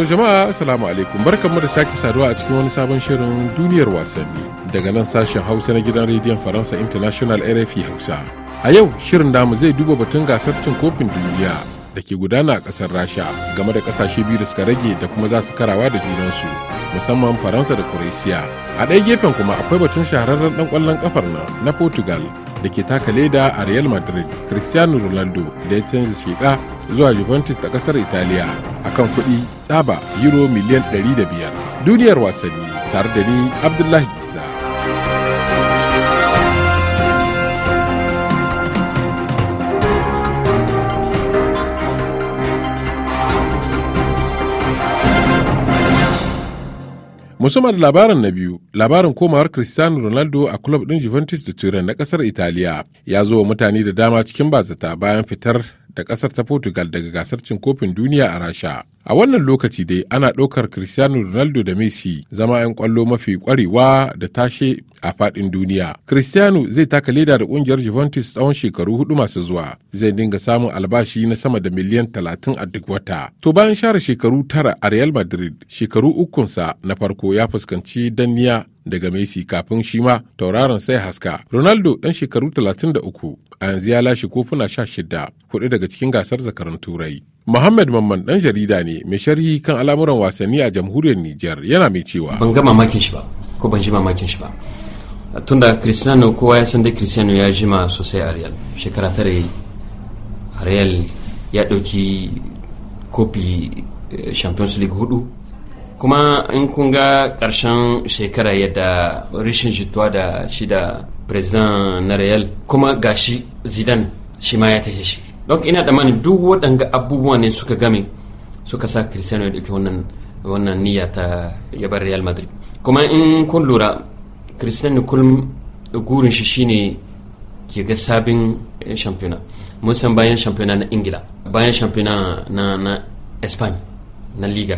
To jama'a assalamu alaikum barkanmu da sake saduwa a cikin wani sabon shirin duniyar wasanni daga nan sashen Hausa na gidan rediyon Faransa International RFI Hausa. A yau shirin namu zai duba batun gasar cin kofin duniya da ke gudana a kasar Rasha game da kasashe biyu da suka rage da kuma za su karawa da junansu musamman Faransa da Croatia. A ɗaya gefen kuma akwai batun shahararren dan ƙwallon ƙafar nan na Portugal da ke taka leda a Real Madrid Cristiano Ronaldo da ya canza sheka zuwa Juventus da kasar Italiya a kan kuɗi tsaba euro miliyan biyar Duniyar wasanni tare da ni Abdullahi Isa. musamman labarin na biyu labarin komawar cristiano ronaldo a club din juventus da turai na kasar italiya ya zo wa mutane da dama cikin bazata bayan fitar da kasar ta Portugal daga gasar cin kofin duniya a Rasha. a wannan lokaci dai ana ɗaukar cristiano ronaldo da messi zama 'yan kwallo mafi kwarewa da tashe a faɗin duniya cristiano zai taka leda da ƙungiyar juventus tsawon shekaru hudu masu zuwa zai dinga samun albashi na sama da miliyan talatin a duk wata to bayan share shekaru tara a real madrid shekaru ukunsa na farko ya fuskanci danniya daga Messi kafin shi ma tauraron sai haska. Ronaldo ɗan shekaru talatin da uku a yanzu ya lashe kofuna sha 16 hudu daga cikin gasar zakaran Turai. Muhammad Mamman dan jarida ne mai sharhi kan al'amuran wasanni a jamhuriyar Nijar yana mai cewa. Ban ga mamakin shi ba, ko ban ji mamakin shi ba. Tunda Cristiano kowa ya san da Cristiano ya jima sosai a Real. Shekara tara yi. Real ya ɗauki kofi eh, Champions League hudu. Kuma in kun ga ƙarshen shekara yadda rishin jituwa da shi da president na Real kuma gashi Zidane shi ma ya tashi shi. dok ina mani duk waɗanga abubuwa ne suka game suka sa cristiano ya ɗauki wannan wannan niyya ta ya bar real madrid kuma in kun lura cristiano kullum gurin shi shine ke ga sabin shampiyona eh, mun san bayan shampiyona na ingila bayan shampiyona na na spain na liga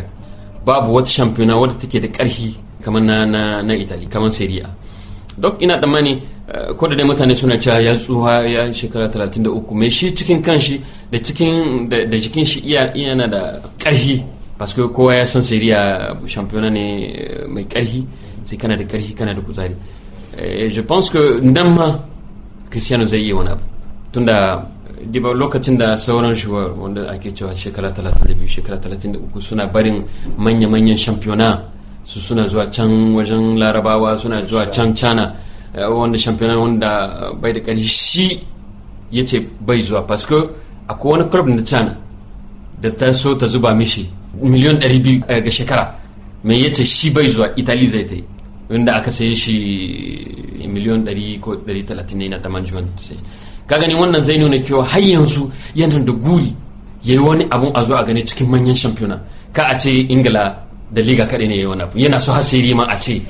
babu wata shampiyona wadda take da ƙarfi kamar na na, na italy kamar serie a duk ina mani Eh, ko da dai mutane suna cewa ya tsuha ya shekara 33 mai shi cikin kanshi da cikin da cikin shi iya yana da karhi paske kowa ya san siriya shampiyona ne eh, mai karhi sai kana da karhi kana da kuzari eh, je pense que nan ma cristiano zai yi wani abu tunda diba lokacin da sauran shuwar wanda ake cewa shekara 32 shekara 33 suna barin manya-manyan shampiyona su suna zuwa can wajen larabawa suna zuwa can cana Eh, wanda championnat wanda bai da ƙarfi shi ya ce bai zuwa paske akwai wani club na china da ta so ta zuba mishi miliyan 200 eh, ga shekara mai ya ce shi bai zuwa italy zai ta yi wanda aka saye shi miliyan 100 ko 130 ne na ta management sai ka gani wannan zai nuna cewa har yanzu yana da guri ya yi wani abun a zo a gani cikin manyan shampiyona ka a ce ingila da liga kaɗai ne ya yi wani abu yana so hasiri ma a ce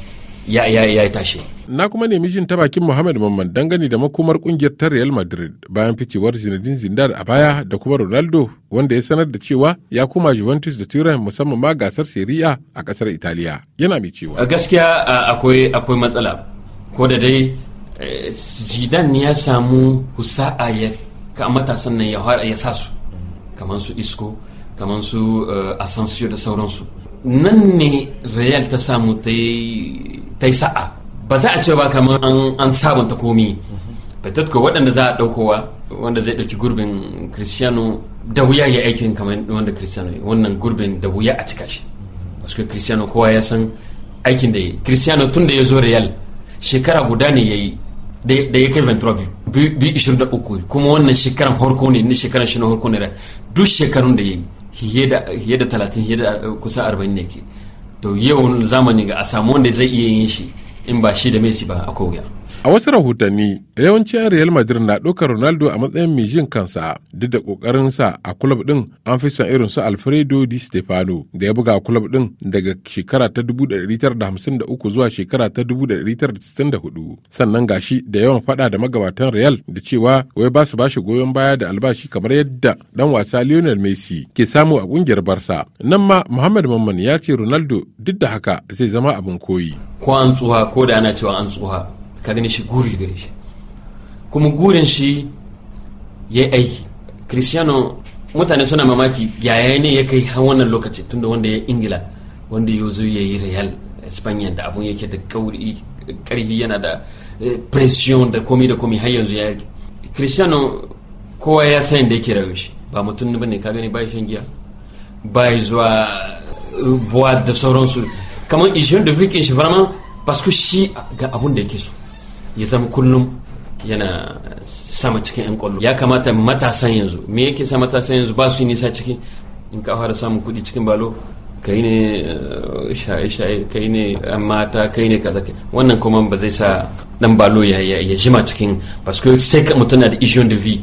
ya yi tashi Na kuma nemi jin ta bakin Muhammad Mamman dangane da makomar kungiyar ta Real Madrid bayan ficewar Zinedine Zidane a baya da kuma Ronaldo wanda ya sanar da cewa ya koma Juventus da Turin musamman ma gasar Serie A kasar Italiya. Yana mai cewa. Gaskiya akwai akwai matsala. Ko da dai eh, Zidane ya samu husa'a ya ka matasan nan ya ya sa su kamar su Isco kamar su eh, Asensio da sauransu. Nan ne Real ta samu ta yi sa'a ba za a ce ba kamar an sabunta komi ko waɗanda za a ɗaukowa wanda zai ɗauki gurbin Cristiano da wuya ya aikin kamar wanda Cristiano ya wannan gurbin da wuya a cika shi. Wasu Cristiano kowa ya san aikin da ya yi. Cristiano tun da ya zo Real shekara guda ne ya yi da ya kai Ventura biyu ishirin da uku kuma wannan shekaran horko ne ni shekaran shi na horko ne duk shekarun da ya yi hiye da talatin hiye da kusa arba'in ne ke. To yau zamani ga a samu wanda zai iya yin shi. in ba shi da mai ba akwai wuya A wasu rahotanni, yawancin Real Madrid na ɗaukar Ronaldo a matsayin mai jin kansa duk da sa a kulub ɗin an fi son irin su Alfredo Di Stefano da ya buga kulub ɗin daga shekara ta 1953 zuwa shekara ta 1964. Sannan gashi da yawan faɗa da magabatan Real da cewa wai ba su bashi goyon baya da albashi kamar yadda ɗan wasa Lionel Messi ke samu a ƙungiyar Barsa. Nan ma Muhammad Mamman ya ce Ronaldo duk da haka zai zama abin koyi. Ko an tsuha ko da ana cewa an tsuha ka gani shi guri gare shi kuma gurin shi ya yi aiki cristiano mutane suna mamaki yaya ne ya kai har wannan lokaci tunda wanda ya ingila wanda ya zo ya yi real espanya da abun yake da karfi yana da eh, pression da komi da komi har yanzu ya yi cristiano kowa ya san da yake rayuwa shi ba mutum ne bane ka gani ba shan giya ba zuwa eh, buwa da sauransu kamar ishirin da fikin shi vraiment parce que shi ga abun da yake so ya zama kullum yana sama cikin 'yan kwallo ya kamata matasan yanzu me yake sa matasan yanzu ba su yi nisa ciki in ka fara samun kuɗi cikin balo kai ne eh, shaye-shaye kai ne eh, mata kai ne kaza wannan kuma ba zai sa dan balo ya jima cikin parce que sai ka mutum na da vision de vie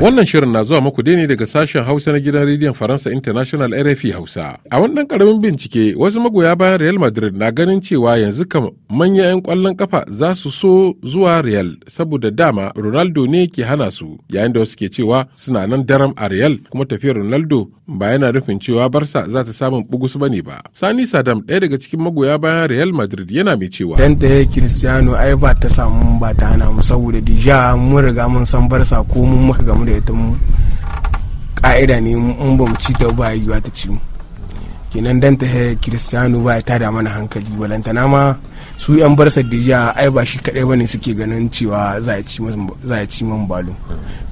Wannan shirin na zuwa muku ne daga sashen Hausa na gidan rediyon Faransa International RFI Hausa. A wannan karamin bincike wasu magoya bayan Real Madrid na ganin cewa yanzu kam manyan 'yan kwallon kafa za su so zuwa Real saboda dama Ronaldo ne ke hana su yayin da wasu ke cewa suna nan daram a Real kuma tafiyar Ronaldo ba yana nufin cewa barsa za ta samun bugus ba ne ba. Sani Sadam ɗaya daga cikin magoya bayan Real Madrid yana mai cewa. Dan ɗaya Cristiano ai ba ta samu ba ta hana mu saboda dija mun riga mun san barsa sako ko mun maka gamu da ita mun ka'ida ne mun ba mu ci ta ba yi ta ci mu kenan dan ta kiristiyanu ba ta da mana hankali walantana ma su yan bar sadija ai ba shi kadai bane suke ganin cewa za a ci mun balo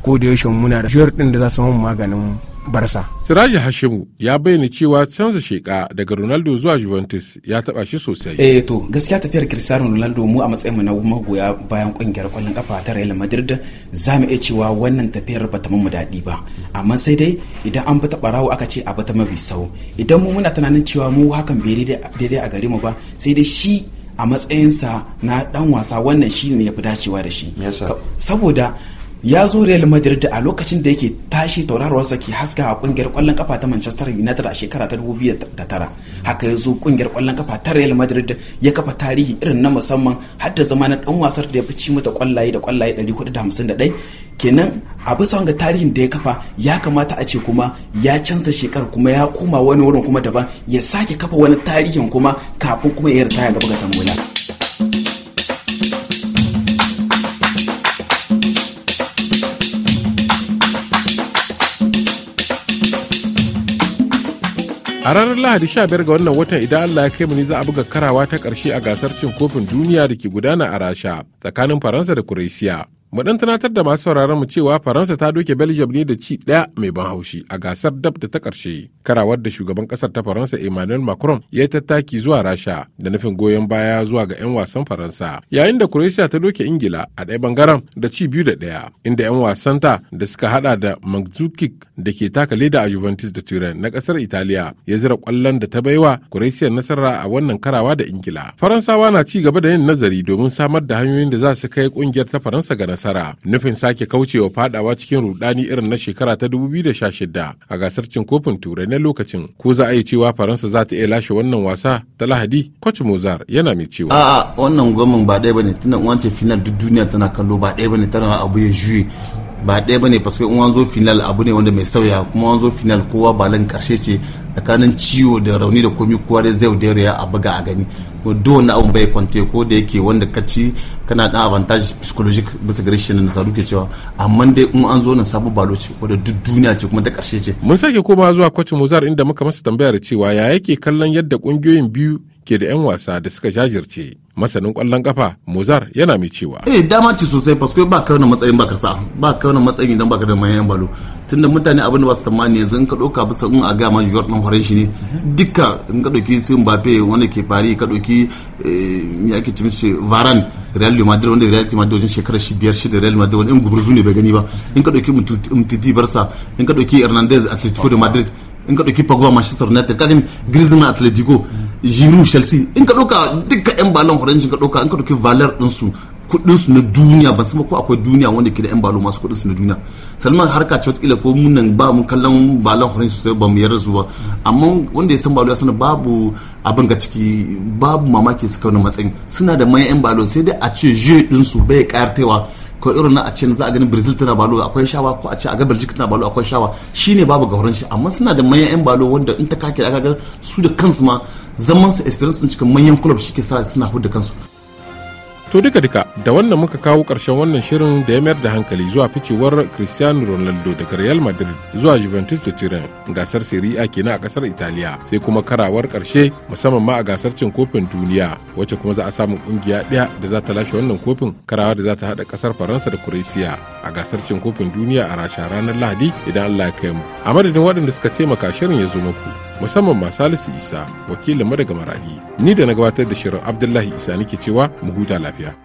ko da yaushe muna da shirin din da za su mu maganin barsa. Siraji Hashimu ya bayyana cewa canza sheka daga Ronaldo zuwa Juventus ya taba shi sosai. Eh to gaskiya tafiyar Cristiano Ronaldo mu a matsayin mu na magoya bayan kungiyar kwallon kafa ta Real Madrid za mu iya cewa wannan tafiyar ba ta mu daɗi ba. Amma sai dai idan an bata barawo aka ce a bata ta mabi sau. Idan mu muna tunanin cewa mu hakan bai daidai a gare mu ba sai dai shi a matsayinsa na dan wasa wannan shi ne ya fi dacewa da shi. Saboda ya zo Real Madrid a lokacin da yake tashi tauraruwarsa ke haska a kungiyar kwallon kafa ta Manchester United a shekara ta 2009 haka ya zo kungiyar kwallon kafa ta Real Madrid ya kafa tarihi irin na musamman har da zama na dan wasar da ya fi ci mata kwallaye da kwallaye 451 kenan a bisa wanga tarihin da ya kafa ya kamata a ce kuma ya canza shekara kuma ya koma wani wurin kuma daban ya sake kafa wani tarihin kuma kafin kuma ya yarda ya gaba ga a ranar lahadi 15 ga wannan watan idan allah ya kai mu ne za a buga karawa ta karshe a gasar cin kofin duniya da ke gudana a rasha tsakanin faransa da kuresiya mu dan tunatar da masu sauraron mu cewa faransa ta doke belgium ne da ci daya mai ban haushi a gasar dab da ta ƙarshe karawar da shugaban ƙasar ta faransa emmanuel macron ya yi tattaki zuwa rasha da nufin goyon baya zuwa ga 'yan wasan faransa yayin da croatia ta doke ingila a ɗaya bangaren da ci biyu da ɗaya inda 'yan wasan ta da suka hada da mandzukic da ke taka leda a juventus da turin na kasar italiya ya zira kwallon da ta baiwa croatia nasara a wannan karawa da ingila faransawa na ci gaba da yin nazari domin samar da hanyoyin da za su kai kungiyar ta faransa ga nasara nasara nufin sake kaucewa fadawa cikin rudani irin na shekara ta 2016 a gasar cin kofin turai na lokacin ko za a yi cewa faransa za ta iya lashe wannan wasa ta lahadi coach mozar yana mai cewa a'a wannan gwamnan ba ɗaya bane tunda wancan final duk duniya tana kallo ba ɗaya bane tana abu ya juye ba ɗaya bane parce in wanzo final abu ne wanda mai sauya kuma wanzo final kowa balan karshe ce tsakanin ciwo da rauni da komi kowa da zai da a buga a gani ko do wani abu bai kwante ko da yake wanda ka ci kana da avantage psychologic bisa gare shi na sadu ke cewa amma dai in an zo na samu balo ce da duk duniya ce kuma ta karshe ce mun sake komawa zuwa kwacin muzar inda muka masa tambayar cewa ya yake kallon yadda kungiyoyin biyu ke da 'yan wasa da suka jajirce masanin kwallon kafa mozar yana mai cewa eh dama ci sosai paske ba ka wani matsayin ba sa ba ka wani matsayin idan baka da mayan balo tunda mutane abin da ba su tamani yanzu in ka doka bisa in a ga ma jiyar dan horon shi ne duka in ka doki sun bafe wanda ke fari ka doki eh, ya ke cin ce varan real madrid wanda real madrid wajen shekarar shi biyar shi da real madrid wani in gumurzu ne bai gani ba in ka doki mtiti barsa in ka doki hernandez atletico de madrid in ka ɗauki pogba manchester united ka gani griezmann atletico jiru chelsea in ka ɗauka duka 'yan balon horancin ka ɗauka in ka ɗauki valar ɗinsu su na duniya ban sama ko akwai duniya wanda ke da yan balo masu kudinsu na duniya salman harka ce watakila ko mun nan ba mun kallon balon horin sosai ba mu yarda su ba amma wanda ya san balo ya sana babu abin ga ciki babu mamaki su kauna matsayin suna da mayan yan balo sai dai a ce je ɗinsu bai taiwa ko irin na a ce za a ganin brazil tana balo akwai shawa ko a ce a ga belgium tana balo akwai shawa shine babu gauran shi amma suna da manyan yan balo wanda in ta kake da aka ga su da kansu ma zaman su experience cikin manyan club shi ke sa suna hudu kansu to duka duka da wannan muka kawo ƙarshen wannan shirin da ya mayar da hankali zuwa ficewar cristiano ronaldo daga real madrid zuwa juventus da turin gasar serie a kenan a ƙasar italiya sai kuma karawar ƙarshe musamman ma a gasar cin kofin duniya wacce kuma za a samu ƙungiya ɗaya da za ta lashe wannan kofin karawa da za ta haɗa ƙasar faransa da croatia a gasar cin kofin duniya a rasha ranar lahadi idan allah ya kai mu a madadin waɗanda suka taimaka shirin ya zo muku musamman ma salisu isa wakilin daga maradi ni da na gabatar da shirin abdullahi isa nake cewa mu huta lafiya